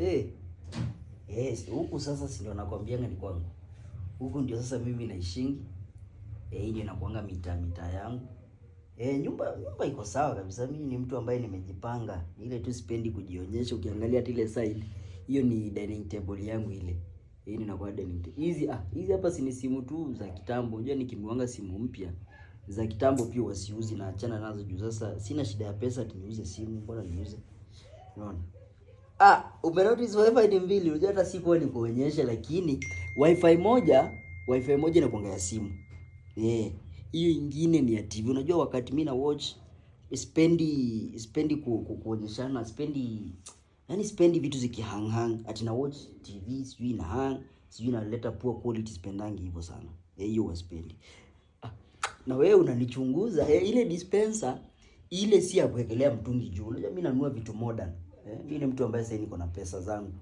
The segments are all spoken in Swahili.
Eh. Yes, eh, huku sasa si ndio nakwambia ni kwangu. Huku ndio sasa mimi naishingi. Eh, hii ndio nakuanga mita mita yangu. Eh, nyumba nyumba iko sawa kabisa. Mimi ni mtu ambaye nimejipanga. Ile tu sipendi kujionyesha ukiangalia ile side. Hiyo ni dining table yangu ile. Hii ni nakuwa dining table. Hizi ah, hizi hapa si ni simu tu za kitambo. Unajua nikinuanga simu mpya za kitambo pia wasiuzi na achana nazo juu sasa sina shida ya pesa tuniuze simu, bora niuze. Unaona? Ah, umenotice wifi ni mbili, unajua hata sikuwa ni nikuonyeshe, lakini wifi moja wifi moja ni ya simu eh, hiyo, yeah. Ingine ni ya TV. Unajua wakati mimi na watch spendi spendi ku, ku, kuonyeshana spendi yani spendi vitu zikihang hang ati na watch TV sijui na hang sijui naleta poor quality, spendangi hivyo sana eh, hiyo, yeah, waspendi ah. Na wewe unanichunguza eh, ile dispenser ile si ya kuwekelea mtungi juu. Unajua mimi nanunua vitu modern Eh, mimi ni mtu ambaye sasa niko na pesa zangu.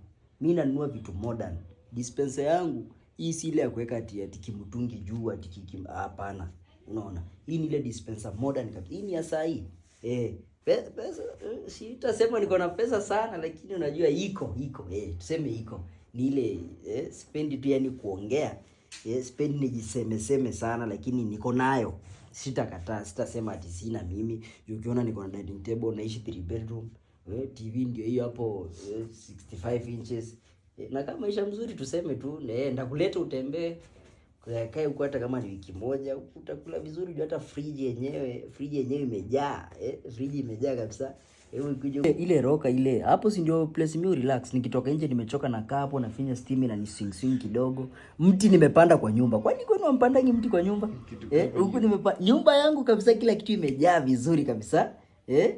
Mimi nanunua vitu modern. Dispenser yangu hii si ile ya kuweka ati ati kimtungi juu ati kiki hapana. Unaona? Hii ni ile dispenser modern kabisa. Hii ni ya sasa hii. Eh, pe, pesa, pesa eh, sitasema niko na pesa sana lakini unajua iko iko eh, tuseme iko. Ni ile eh, spend tu yani kuongea. Eh, sipendi nijiseme seme sana lakini niko nayo. Sitakataa, sitasema ati sina mimi. Ukiona niko na dining table naishi three bedroom eh, TV ndio hiyo hapo 65 eh, inches eh, na kama maisha mzuri tuseme tu eh, kuleta utembee kae huko, hata kama ni wiki moja utakula vizuri juu hata friji yenyewe friji yenyewe imejaa eh, friji imejaa kabisa. Hebu kuja ile roka ile hapo, si ndio place mimi relax. Nikitoka nje nimechoka na kaa hapo, nafinya steam na ni swing swing kidogo. Mti nimepanda kwa nyumba, kwani kwenu mpandangi mti kwa nyumba eh? huko nimepanda nyumba yangu kabisa, kila kitu imejaa vizuri kabisa eh.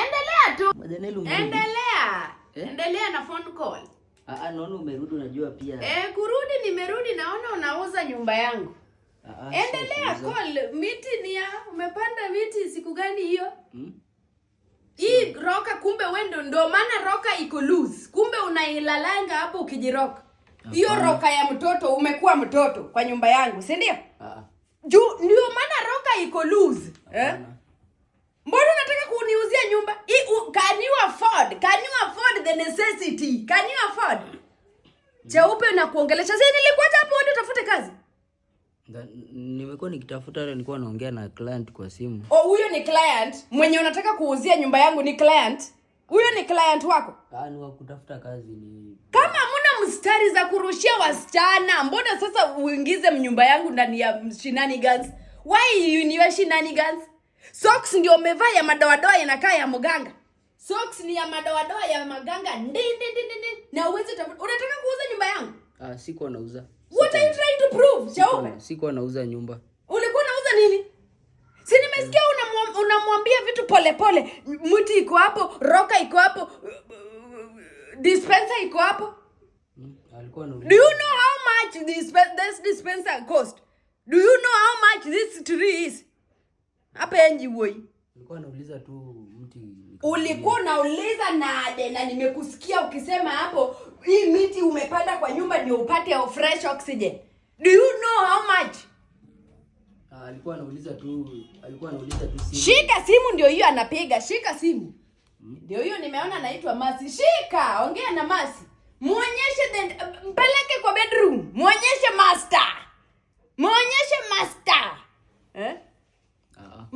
Endelea tu. endelea. Eh? Endelea na phone call. Ah, ah, naona umerudi unajua pia. Eh, kurudi nimerudi naona unauza nyumba yangu. Aa, ah, ah, endelea call miti ni ya umepanda miti siku gani hiyo? Hmm? Hii roka kumbe wewe ndo ndo maana roka iko loose. Kumbe unailalanga hapo ukijiroka. Hiyo roka ya mtoto umekuwa mtoto kwa nyumba yangu, si ndio? Juu ndio maana roka iko loose. Eh? Mbona unataka kuniuzia nyumba? I, u, Can you afford? Can you afford the necessity? Can you afford? Cheupe na kuongelesha. Sasa nilikuwa hapo wewe utafute kazi. Nimekuwa nikitafuta nilikuwa naongea na client kwa simu. Oh, huyo ni client mwenye unataka kuuzia nyumba yangu ni client. Huyo ni client wako? Ah, ni wa kutafuta kazi ni. Kama muna mstari za kurushia wasichana, mbona sasa uingize mnyumba yangu ndani ya shinani guns? Why you ni your shinani guns? Socks ndio umevaa ya madoadoa yanakaa ya mganga. Socks ni ya madoadoa ya maganga. Ndi ndi ndi ndi. Na uwezi utafuta. Unataka kuuza nyumba yangu? Ah, siko anauza. What are you trying to prove? Chaupe. Siko anauza nyumba. Ulikuwa unauza nini? Si nimesikia unamwambia vitu pole pole. Mti iko hapo, roka iko hapo, dispenser iko hapo. Hmm, alikuwa anauliza. Do you know how much this this dispenser cost? Do you know how much this tree is? hapa Hapendi woi. ulikuwa nauliza tu mti. Ulikuwa unauliza na ade na nimekusikia ukisema hapo hii miti umepanda kwa nyumba ndio upate fresh oxygen. Do you know how much? Ah, alikuwa anauliza tu, alikuwa anauliza tu simu. Shika simu ndio hiyo anapiga. Shika simu. Hmm? Ndio hmm, hiyo nimeona anaitwa Masi. Shika, ongea na Masi. Muonyeshe, mpeleke kwa bedroom. Muonyeshe master. Muonyeshe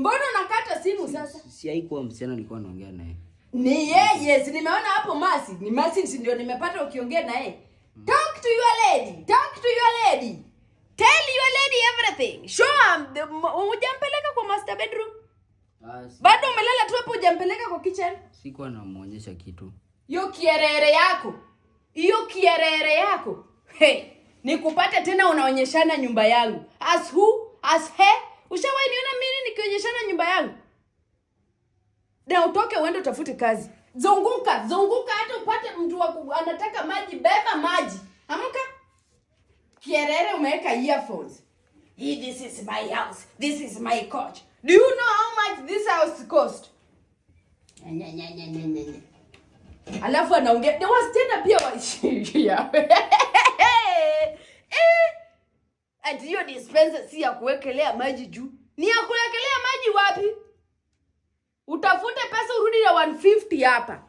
Mbona unakata simu sasa? Si si haikuwa msichana nilikuwa naongea naye. Ni yeye, si nimeona hapo masi. Ni masi ndio nimepata ukiongea naye. Hmm. Talk to your lady. Talk to your lady. Tell your lady everything. Show am hujampeleka kwa master bedroom. Yes. Ah, Bado umelala tu hapo hujampeleka kwa kitchen. Sikuwa namuonyesha kitu. Hiyo kierere yako. Hiyo kierere yako. Hey, nikupate tena unaonyeshana nyumba yangu. As who? As he? Ushawahi utoke uende utafute kazi. Zunguka, zunguka hata upate mtu wa anataka maji, beba maji. Amka. Kierere umeweka earphones. Hey, this is my house. This is my coach. Do you know how much this house cost? Nya, nya, nya, nya, nya. Alafu anaongea. There was tena pia wa eh, Ati hiyo dispenser si ya kuwekelea maji juu. Ni ya kuwekelea maji wapi? Utafute pesa urudi na 150 hapa.